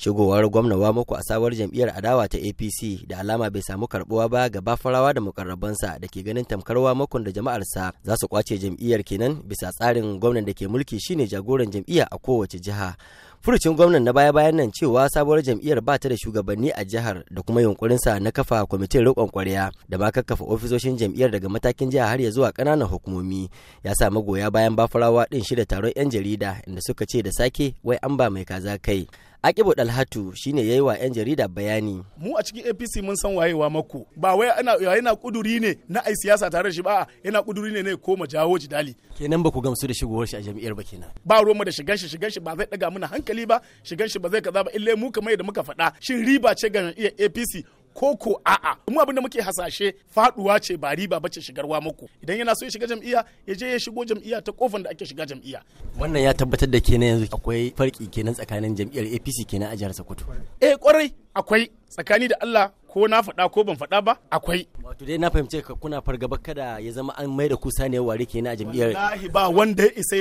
shigowar gwamna gwamnawa muku a sabuwar jam'iyyar adawa ta apc da alama bai samu karbuwa ba ga bafarawa da mukarrabansa da ke ganin tamkarwa makon da jama'arsa za su kwace jam'iyyar kenan bisa tsarin gwamnan da ke mulki shine jagoran jam'iyya a kowace jiha furucin gwamnan na baya-bayan nan cewa sabuwar jam'iyyar ba ta da shugabanni a jihar da kuma sa na kafa kwamitin riƙon kwarya da ma kakkafa ofisoshin jam'iyyar daga matakin jiha har ya zuwa ƙananan hukumomi ya sa magoya bayan bafarawa ɗin shida taron 'yan jarida inda suka ce da sake wai an ba mai kaza kai Akibu Dalhatu shine yayi wa 'yan jarida bayani. Mu a cikin APC mun san wayewa mako ba wai ana yana kuduri ne na ai siyasa tare da shi ba yana kuduri ne ne ko ma jawo ji jidali. Kenan ba ku gamsu da shigowar shi a jami'ar ba kenan. Ba ruwan mu da shigan shi shigan shi ba zai daga mana hankali ba shigan shi ba zai kaza ba illai mu kamar yadda muka faɗa shin riba ce ga iya APC koko a'a mu abin da muke hasashe faduwa ce ba riba ba ce shigarwa muku idan yana so ya shiga jam'iyya ya je ya shigo jam'iyya ta kofan da ake shiga jam'iyya wannan ya tabbatar da kenan yanzu akwai farki kenan tsakanin jam'iyyar APC kenan a jihar Sokoto eh kwarai akwai tsakani da Allah ko na faɗa ko ban faɗa ba akwai. Wato dai na fahimce ka kuna fargaba kada ya zama an mai da kusa ne ware kenan a jam'iyyar. Wallahi ba wanda ya isa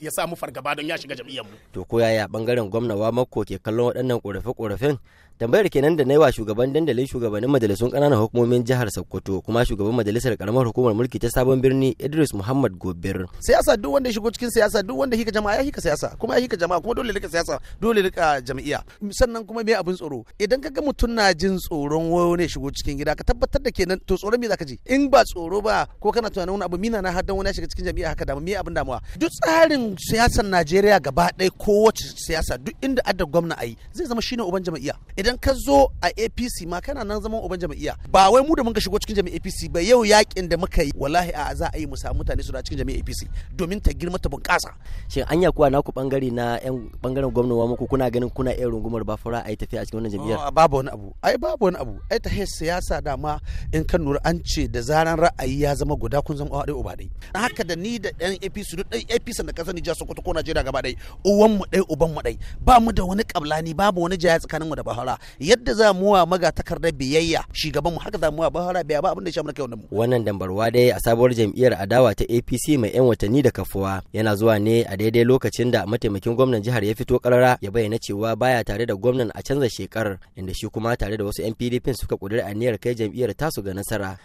ya sa mu fargaba don ya shiga jam'iyyar mu. To ko yaya bangaren gwamna mako ke kallon waɗannan ƙorafe-ƙorafen tambayar kenan da na yi wa shugaban dandalin shugabannin majalisun ƙananan hukumomin jihar Sokoto kuma shugaban majalisar karamar hukumar mulki ta sabon birni Idris Muhammad Gobir. Siyasa duk wanda shigo cikin siyasa duk wanda hika jama'a ya hika siyasa kuma ya hika jama'a kuma dole rika siyasa dole rika jam'iyya sannan kuma me abin tsoro idan ka ga mutum na jin tsoron wayo ne shigo cikin gida ka tabbatar da kenan to tsoron me zaka ji in ba tsoro ba ko kana tunanin wani abu mina na haddan wani ya shiga cikin jami'a haka damu me abin damuwa duk tsarin siyasar Najeriya gaba ɗaya kowace siyasa duk inda adda gwamna ayi zai zama shine uban jami'a idan ka zo a APC ma kana nan zaman uban jami'a ba wai mu da ka shigo cikin jami'a APC ba yau yakin da muka yi wallahi a za a yi mu samu mutane su da cikin jami'a APC domin ta girma ta bunƙasa shin anya kuwa naku bangare na yan bangaren gwamnati muku kuna ganin kuna iya rungumar ba fara a yi tafiya a cikin wannan jami'a ba babu wani abu ai babu wani abu ai tahiyar siyasa dama in kan nura an ce da zaran ra'ayi ya zama guda kun zama ɗaya uba haka da ni da yan APC duk ɗan APC da kasar Nijar Sokoto ko Najeriya gaba ɗai uwan mu ɗai uban mu ɗai ba mu da wani kablani babu wani jaya tsakanin mu da Bahaura yadda za mu wa maga takardar biyayya shugaban mu haka za mu wa Bahaura biya ba abin da ya shamu kai wannan mu wannan dambarwa dai a sabuwar jam'iyyar adawa ta APC mai yan watanni da kafuwa yana zuwa ne a daidai lokacin da mataimakin gwamnan jihar ya fito karara ya bayyana cewa baya tare da gwamnan a canza shekarar inda shi kuma tare da wasu 'yan pdp suka ƙudiri aniyar kai jam'iyyar tasu ga nasara